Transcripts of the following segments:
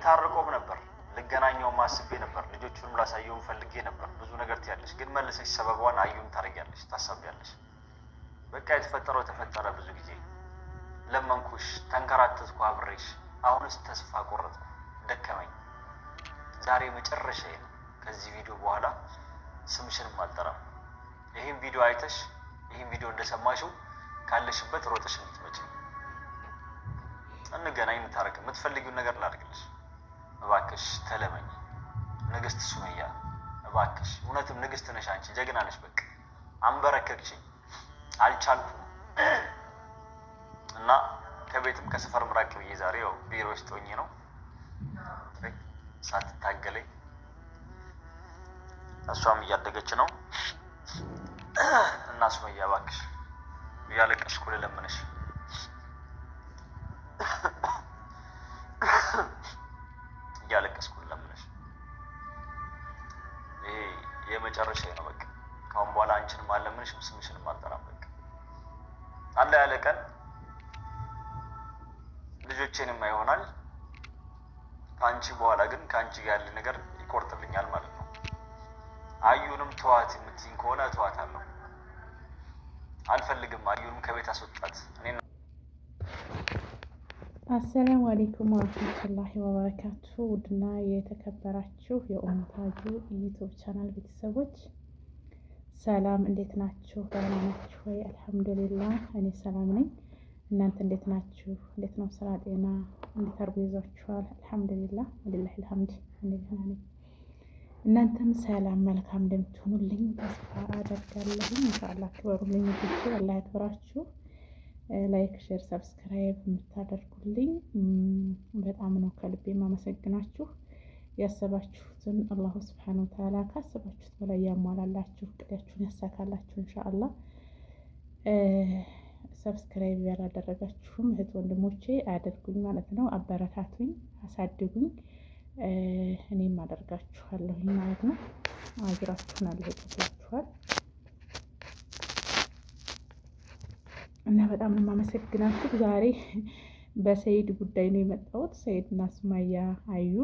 ልታርቆም ነበር፣ ልገናኘው ማስቤ ነበር፣ ልጆቹንም ላሳየውም ፈልጌ ነበር። ብዙ ነገር ትያለሽ፣ ግን መልሰሽ ሰበቧን አዩን ታደርጊያለሽ፣ ታሳቢያለሽ። በቃ የተፈጠረው ተፈጠረ። ብዙ ጊዜ ለመንኩሽ፣ ተንከራተትኩ አብሬሽ። አሁንስ ተስፋ ቆረጥኩ፣ ደከመኝ። ዛሬ መጨረሻ ነው። ከዚህ ቪዲዮ በኋላ ስምሽንም አልጠራም። ይህም ቪዲዮ አይተሽ ይህም ቪዲዮ እንደሰማሽው ካለሽበት ሮጠሽ እንድትመጪ እንገናኝ፣ እንታረቅ። የምትፈልጊውን ነገር ላድርግልሽ። እባክሽ ተለመኝ ንግስት ሱመያ እባክሽ እውነትም ንግስት ነሽ አንቺ ጀግና ነሽ በቃ አንበረከክሽኝ አልቻልኩም እና ከቤትም ከሰፈር ምራቅ ብዬ ዛሬ ያው ቢሮ ውስጥ ሆኜ ነው ሳትታገለኝ እሷም እያደገች ነው እና ሱመያ እባክሽ እያለቀስኩ ልለምንሽ ካሁን በኋላ አንቺን አለምንሽም ስምሽንም አልጠራም። በቃ አለ ያለ ቀን ልጆቼንማ ይሆናል ከአንቺ በኋላ ግን ከአንቺ ጋር ያለ ነገር ይቆርጥልኛል ማለት ነው። አዩንም ተዋት የምትይኝ ከሆነ ተዋት አለው። አልፈልግም፣ አዩንም ከቤት አስወጣት። አሰላሙ አሌይኩም ወረህመቱላሂ ወበረካቱ። ውድና የተከበራችሁ የኦንታጁ ዩቱብ ቻናል ቤተሰቦች ሰላም እንዴት ናችሁ? ደህና ናችሁ ወይ? አልሐምዱሊላ እኔ ሰላም ነኝ። እናንተ እንዴት ናችሁ? እንዴት ነው ስራ፣ ጤና እንዴት አድርጎ ይዟችኋል? አልሐምዱሊላ ወሊላሂ ልሐምድ እኔ ደህና ነኝ። እናንተም ሰላም መልካም እንደምትሆኑልኝ ተስፋ አደርጋለሁ። እንሻላ ክበሩልኝ ብቻ አላህ ያክብራችሁ። ላይክ፣ ሼር፣ ሰብስክራይብ የምታደርጉልኝ በጣም ነው ከልቤ የማመሰግናችሁ። ያሰባችሁትን አላሁ ስብሓን ወተዓላ ካሰባችሁት በላይ ያሟላላችሁ፣ እቅዳችሁን ያሳካላችሁ እንሻአላ። ሰብስክራይብ ያላደረጋችሁም እህት ወንድሞቼ አያደርጉኝ ማለት ነው። አበረታቱኝ፣ አሳድጉኝ፣ እኔም አደርጋችኋለሁኝ ማለት ነው። አጅራችሁን አለ ይጠቅላችኋል እና በጣም ነው የማመሰግናችሁ። ዛሬ በሰይድ ጉዳይ ነው የመጣሁት። ሰይድና ሱማያ አዩ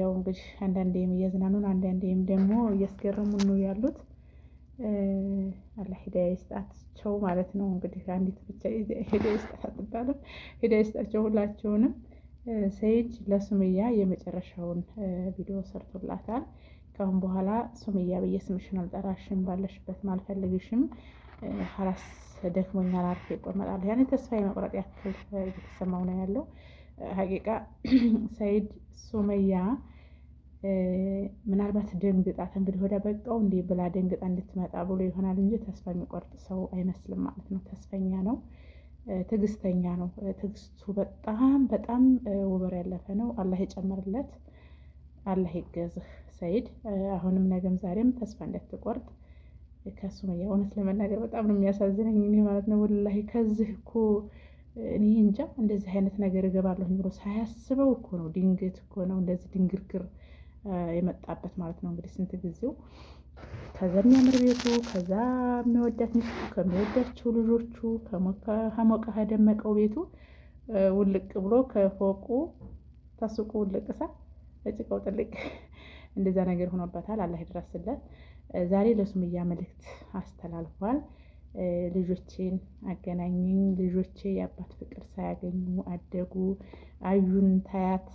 ያው እንግዲህ አንዳንዴም እያዝናኑን አንዳንዴም ደግሞ እያስገረሙን ነው ያሉት። አላህ ሂዳያ ይስጣቸው ማለት ነው። እንግዲህ አንዲት ብቻ ሂዳያ ይስጣት አትባልም። ሂዳያ ይስጣቸው ሁላቸውንም። ሰይድ ለሱምያ የመጨረሻውን ቪዲዮ ሰርቶላታል። ከአሁን በኋላ ሱምያ ብዬ ስምሽን አልጠራሽም፣ ባለሽበት አልፈልግሽም፣ ሀላስ ደክሞኛል፣ አርፌ እቆመጣለሁ። ያኔ ተስፋ የመቁረጥ ያክል እየተሰማው ነው ያለው ሀቂቃ ሰይድ ሱመያ ምናልባት ደንግጣት እንግዲህ ወደ በቃው እንዴ ብላ ደንግጣ እንድትመጣ ብሎ ይሆናል እንጂ ተስፋ የሚቆርጥ ሰው አይመስልም ማለት ነው። ተስፈኛ ነው፣ ትዕግስተኛ ነው። ትዕግስቱ በጣም በጣም ውበር ያለፈ ነው። አላህ ይጨምርለት፣ አላህ ይገዝህ ሰይድ አሁንም ነገም ዛሬም ተስፋ እንዳትቆርጥ ከሱመያ እውነት ለመናገር በጣም ነው የሚያሳዝነኝ ማለት ነው ወላሂ ከዚህ እኮ እኔ እንጃ እንደዚህ አይነት ነገር እገባለሁኝ ብሎ ሳያስበው እኮ ነው ድንገት እኮ ነው እንደዚህ ድንግርግር የመጣበት ማለት ነው። እንግዲህ ስንት ጊዜው ከዛ የሚያምር ቤቱ ከዛ የሚወዳት ሚስቱ ከሚወዳቸው ልጆቹ ከሞቀ ከደመቀው ቤቱ ውልቅ ብሎ ከፎቁ ተሱቁ ውልቅ ሳ እጭቀው ጥልቅ እንደዛ ነገር ሆኖበታል። አላህ ይድረስለት። ዛሬ ለሱምያ መልእክት አስተላልፏል። ልጆቼን አገናኘኝ ልጆቼ የአባት ፍቅር ሳያገኙ አደጉ። አዩን ታያት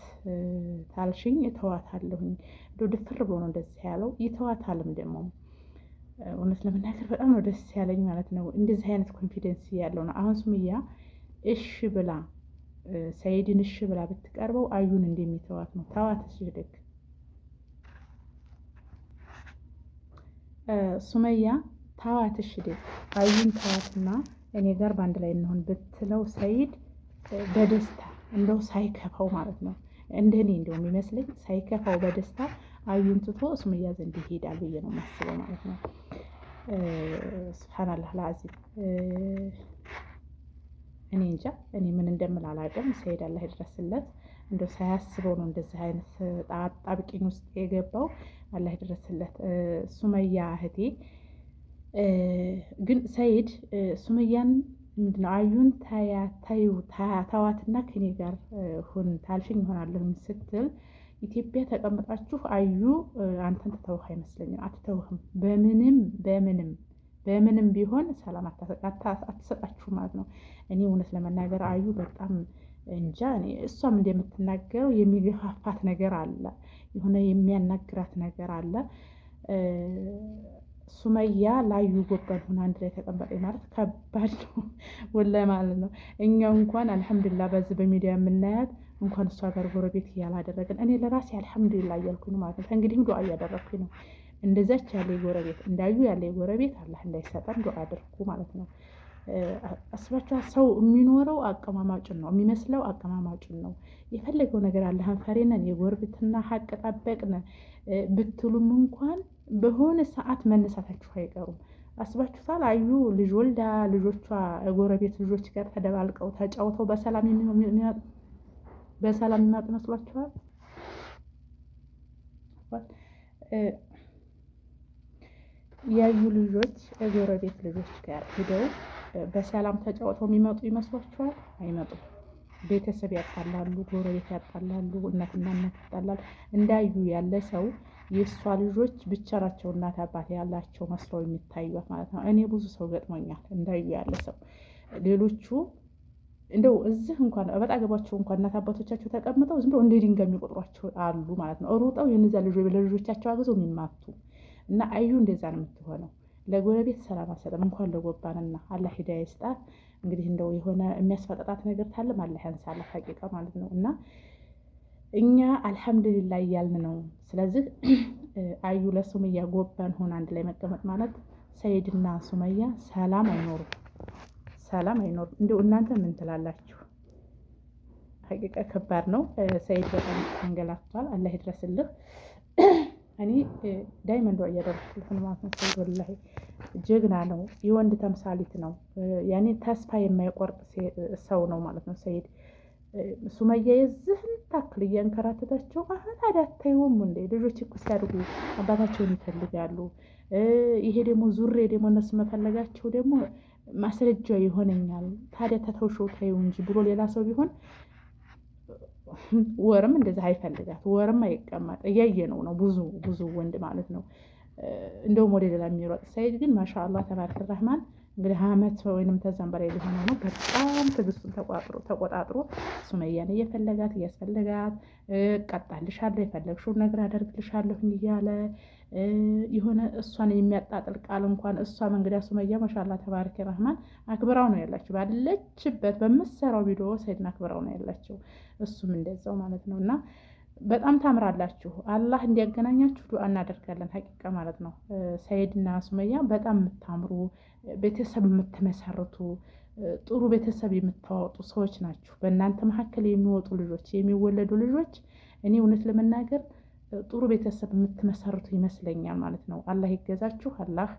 ታልሽኝ እተዋታለሁኝ እንደው ድፍር ብሎ ነው ደስ ያለው ይተዋታልም ደግሞ እውነት ለመናገር በጣም ነው ደስ ያለኝ ማለት ነው። እንደዚህ አይነት ኮንፊደንስ ያለው ነው። አሁን ሱምያ እሺ ብላ ሰይድን እሺ ብላ ብትቀርበው አዩን እንደሚተዋት ነው። ታዋት እሺ ሱመያ ታዋት እሺ አዩን ታዋትና እኔ ጋር በአንድ ላይ እንሆን ብትለው ሰይድ በደስታ እንደው ሳይከፋው ማለት ነው እንደኔ እንደው የሚመስለኝ ሳይከፋው በደስታ አዩን ትቶ ሱመያ ዘንድ ይሄዳል ብዬ ነው የማስበው ማለት ነው። ስብሓንላህ ለአዚም እኔ እንጃ እኔ ምን እንደምል አላውቅም። ሰይድ አላህ ይድረስለት። እንደው ሳያስበው ነው እንደዚህ አይነት ጣብቂኝ ውስጥ የገባው። አላህ ይድረስለት። ሱመያ እህቴ ግን ሰይድ ሱመያን ምንድነው አዩን ታዩ ታዋትና ከኔ ጋር ሁን ታልሽኝ ይሆናለሁኝ ስትል ኢትዮጵያ ተቀምጣችሁ አዩ አንተን ትተውህ አይመስለኝም፣ አትተውህም። በምንም በምንም በምንም ቢሆን ሰላም አትሰጣችሁ ማለት ነው። እኔ እውነት ለመናገር አዩ በጣም እንጃ። እሷም እንደምትናገረው የሚገፋፋት ነገር አለ፣ የሆነ የሚያናግራት ነገር አለ። ሱመያ ላዩ ጎበን ሁን አንድ ላይ ተቀመጠ ማለት ከባድ ነው ወላይ ማለት ነው። እኛ እንኳን አልሐምዱላ በዚህ በሚዲያ የምናያት እንኳን እሷ ጋር ጎረቤት እያላደረግን እኔ ለራሴ አልሐምዱላ እያልኩኝ ማለት ነው። ከእንግዲህም ዱዓ እያደረግኩኝ ነው። እንደዛች ያለ ጎረቤት እንዳዩ ያለ ጎረቤት አላህ እንዳይሰጠን ዱዓ አድርጉ ማለት ነው። አስባችኋል? ሰው የሚኖረው አቀማማጭን ነው የሚመስለው፣ አቀማማጭን ነው የፈለገው ነገር አለ። ሀንፈሬ የጎርብትና ሀቅ ጠበቅነ ብትሉም እንኳን በሆነ ሰዓት መነሳታችሁ አይቀሩም። አስባችሁታል? አዩ ልጅ ወልዳ ልጆቿ ጎረቤት ልጆች ጋር ተደባልቀው ተጫውተው በሰላም የሚመጡ መስሏችኋል? ያዩ ልጆች ጎረቤት ልጆች ጋር ሂደው በሰላም ተጫውተው የሚመጡ ይመስሏችኋል? አይመጡም። ቤተሰብ ያጣላሉ፣ ጎረቤት ያጣላሉ፣ እናትና እናት ያጣላሉ። እንዳዩ ያለ ሰው የእሷ ልጆች ብቻ ናቸው እናት አባት ያላቸው መስለው የሚታዩት ማለት ነው። እኔ ብዙ ሰው ገጥሞኛል። እንዳዩ ያለ ሰው ሌሎቹ እንደው እዚህ እንኳን በጣ ገባቸው እንኳን እናት አባቶቻቸው ተቀምጠው ዝም ብሎ እንደ ድንጋይ የሚቆጥሯቸው አሉ ማለት ነው። ሩጠው የእነዚያ ልጆች ለልጆቻቸው አግዘው የሚማቱ እና አዩ እንደዛ ነው የምትሆነው። ለጎረቤት ሰላም አሰጠም እንኳን ለጎባንና አላህ ሂዳያ ይስጣት። እንግዲህ እንደው የሆነ የሚያስፈጠጣት ነገር ታለም አላህ ያንሳላት ሀቂቃ ማለት ነው እና እኛ አልሐምዱሊላ እያልን ነው። ስለዚህ አዩ ለሱመያ ጎባን ሆነ አንድ ላይ መቀመጥ ማለት ሰይድና ሱመያ ሰላም አይኖሩም፣ ሰላም አይኖሩም። እንደው እናንተ ምን ትላላችሁ? ሀቂቃ ከባድ ነው። ሰይድ በጣም አንገላቷል። አላህ ይድረስልህ። እኔ ዳይመንዷ እያደረኩለት ማለት ነው። ወላሂ ጀግና ነው፣ የወንድ ተምሳሌት ነው። ያኔ ተስፋ የማይቆርጥ ሰው ነው ማለት ነው ሰይድ። ሱመያ የዚህን ታክል እያንከራተታቸው አሁን አዳታይውም እንደ ልጆች እኮ ሲያድጉ አባታቸውን ይፈልጋሉ። ይሄ ደግሞ ዙሬ ደግሞ እነሱ መፈለጋቸው ደግሞ ማስረጃ ይሆነኛል። ታዲያ ተተውሾ ታዩ እንጂ ብሎ ሌላ ሰው ቢሆን ወርም እንደዚህ አይፈልጋት ወርም አይቀመጥ እያየነው ነው። ብዙ ብዙ ወንድ ማለት ነው እንደውም ወደ ሌላ የሚሮጥ ሳይድ ግን ማሻአላህ ተባረከ ረህማን እንግዲህ አመት ወይንም ተዘንበሬ ሊሆነ ነው። በጣም ትዕግስቱን ተቆጣጥሮ ሱመያን እየፈለጋት እያስፈለጋት እቀጣልሻለሁ፣ የፈለግሽውን ነገር አደርግልሻለሁ እያለ የሆነ እሷን የሚያጣጥል ቃል እንኳን እሷም እንግዲህ ሱመያ ማሻላ ተባረከ ረህማን አክብራው ነው ያላቸው ባለችበት በምሰራው ቪዲዮ ሰይድን አክብራው ነው ያላቸው እሱም እንደዛው ማለት ነው እና በጣም ታምራላችሁ። አላህ እንዲያገናኛችሁ ዱዓ እናደርጋለን። ሀቂቃ ማለት ነው። ሰይድና ሱመያ በጣም የምታምሩ ቤተሰብ የምትመሰርቱ ጥሩ ቤተሰብ የምታወጡ ሰዎች ናችሁ። በእናንተ መካከል የሚወጡ ልጆች የሚወለዱ ልጆች እኔ እውነት ለመናገር ጥሩ ቤተሰብ የምትመሰርቱ ይመስለኛል ማለት ነው። አላህ ይገዛችሁ። አላህ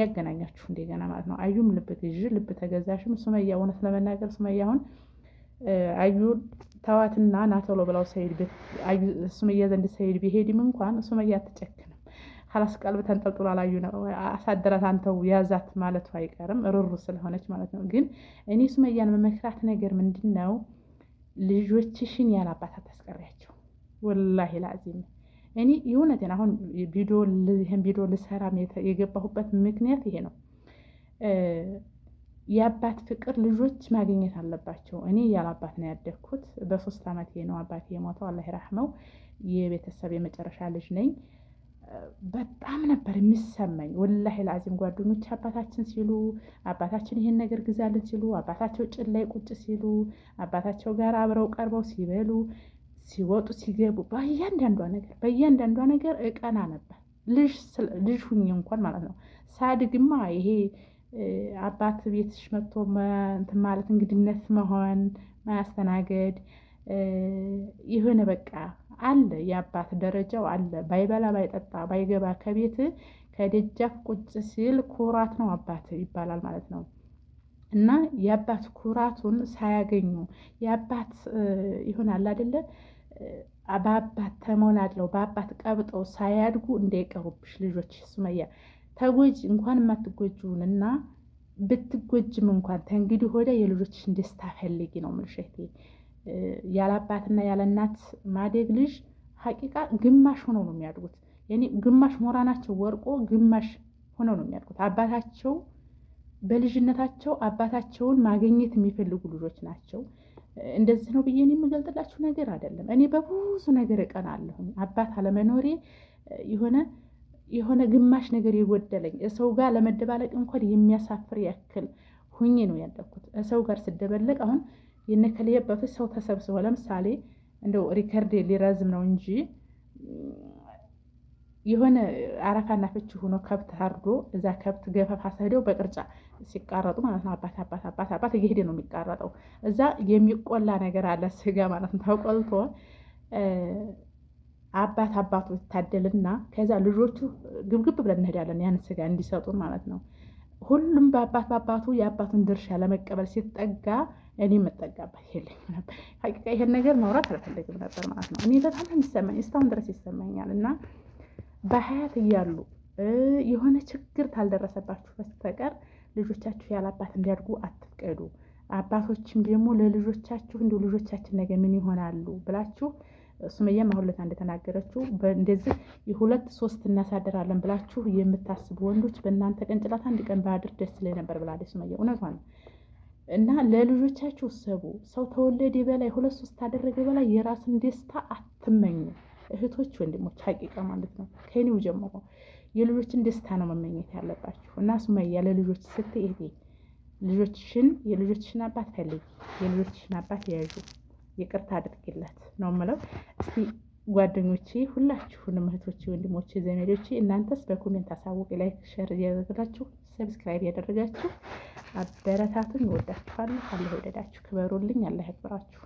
ያገናኛችሁ እንደገና ማለት ነው። አዩም ልብ ግዥ ልብ ተገዛሽም ሱመያ እውነት ለመናገር ሱመያ አሁን አዩን ተዋትና ና ብለው ሰኢድ ቤት ሱመያ ዘንድ ሰይድ ቢሄድም እንኳን ሱመያ አትጨክንም። ሀላስ ቀልብ ተንጠልጥሏል። አዩ ነው አሳደራት አንተው ያዛት ማለቱ አይቀርም ርሩ ስለሆነች ማለት ነው። ግን እኔ ሱመያን መመክራት ነገር ምንድን ነው ልጆችሽን ያላባት አታስቀሪያቸው። ወላሂ ላዚም እኔ የእውነቴን አሁን ቪዲዮ ይህን ቪዲዮ ልሰራም የገባሁበት ምክንያት ይሄ ነው። የአባት ፍቅር ልጆች ማግኘት አለባቸው። እኔ ያለ አባት ነው ያደግኩት። በሶስት ዓመቴ ነው አባቴ የሞተው፣ አላህ ይራህመው። የቤተሰብ የመጨረሻ ልጅ ነኝ። በጣም ነበር የሚሰማኝ ወላሂ ለአዚም ጓደኞች አባታችን ሲሉ አባታችን ይሄን ነገር ግዛልን ሲሉ አባታቸው ጭን ላይ ቁጭ ሲሉ አባታቸው ጋር አብረው ቀርበው ሲበሉ ሲወጡ ሲገቡ በእያንዳንዷ ነገር በእያንዳንዷ ነገር እቀና ነበር ልጅ ሁኝ እንኳን ማለት ነው ሳድግማ ይሄ አባት ቤትሽ መጥቶ እንትን ማለት እንግድነት መሆን ማያስተናገድ የሆነ በቃ አለ የአባት ደረጃው አለ። ባይበላ ባይጠጣ ባይገባ ከቤት ከደጃፍ ቁጭ ሲል ኩራት ነው አባት ይባላል ማለት ነው። እና የአባት ኩራቱን ሳያገኙ የአባት ይሆናል አይደለ? በአባት ተሞላለው በአባት ቀብጠው ሳያድጉ እንዳይቀሩብሽ ልጆች ሱመያ ተጎጂ እንኳን የማትጎጂውን እና ብትጎጅም እንኳን ተንግዲህ ወዲያ የልጆችሽን ደስታ ፈልጊ ነው የምልሽ እህቴ። ያለ አባትና ያለ እናት ማደግ ልጅ ሀቂቃ ግማሽ ሆነ ነው የሚያድጉት። ግማሽ ሞራናቸው ወርቆ ግማሽ ሆነ ነው የሚያድጉት። አባታቸው በልጅነታቸው አባታቸውን ማግኘት የሚፈልጉ ልጆች ናቸው። እንደዚህ ነው ብዬ የምገልጥላችሁ ነገር አይደለም። እኔ በብዙ ነገር እቀናለሁኝ አባት አለመኖሬ የሆነ የሆነ ግማሽ ነገር የጎደለኝ ሰው ጋር ለመደባለቅ እንኳን የሚያሳፍር ያክል ሁኜ ነው ያለኩት። ሰው ጋር ስደበለቅ አሁን የነከሌ ሰው ተሰብስበው ለምሳሌ እንደው ሪከርድ ሊረዝም ነው እንጂ የሆነ አረፋና ፍች ሆኖ ከብት አርዶ እዛ ከብት ገፈፋ ሄደው በቅርጫ ሲቃረጡ ማለት ነው። አባት አባት አባት አባት እየሄደ ነው የሚቃረጠው። እዛ የሚቆላ ነገር አለ ስጋ ማለት ነው ተቆልቶ አባት አባቱ ይታደልና ከዛ ልጆቹ ግብግብ ብለን እንሄዳለን ያን ስጋ እንዲሰጡ ማለት ነው። ሁሉም በአባት በአባቱ የአባቱን ድርሻ ለመቀበል ሲጠጋ እኔ የምጠጋበት የለኝም ነበር። ሀቂቃ ይሄን ነገር ማውራት አልፈለግም ነበር ማለት ነው። እኔ በጣም የሚሰማኝ እስካሁን ድረስ ይሰማኛል። እና በሀያት እያሉ የሆነ ችግር ካልደረሰባችሁ በስተቀር ልጆቻችሁ ያለ አባት እንዲያድጉ አትፍቀዱ። አባቶችም ደግሞ ለልጆቻችሁ እንዲሁ ልጆቻችን ነገ ምን ይሆናሉ ብላችሁ ሱመያም አሁን ለታ እንደተናገረችው እንደዚህ የሁለት ሶስት እናሳደራለን ብላችሁ የምታስቡ ወንዶች በእናንተ ቅንጭላት አንድ ቀን በአድር ደስ ላይ ነበር ብላለች ሱመያ። እውነቷ ነው። እና ለልጆቻችሁ ሰቡ ሰው ተወለደ በላይ ሁለት ሶስት ታደረገ በላይ የራስን ደስታ አትመኙ እህቶች፣ ወንድሞች። ሀቂቃ ማለት ነው ከኔው ጀምሮ የልጆችን ደስታ ነው መመኘት ያለባችሁ። እና ሱመያ ለልጆች ስትይ ልጆችሽን የልጆችሽን አባት ፈልጊ፣ የልጆችሽን አባት ያዩ ይቅርታ አድርግለት ነው ምለው። እስቲ ጓደኞቼ፣ ሁላችሁን እህቶቼ፣ ወንድሞቼ፣ ዘመዶቼ እናንተስ በኮሜንት አሳውቅ። ላይ ሸር እያደረግላችሁ ሰብስክራይብ እያደረጋችሁ አበረታቱኝ። እወዳችኋለሁ። አላህ ይወደዳችሁ። ክበሩልኝ። አላህ ያክብራችሁ።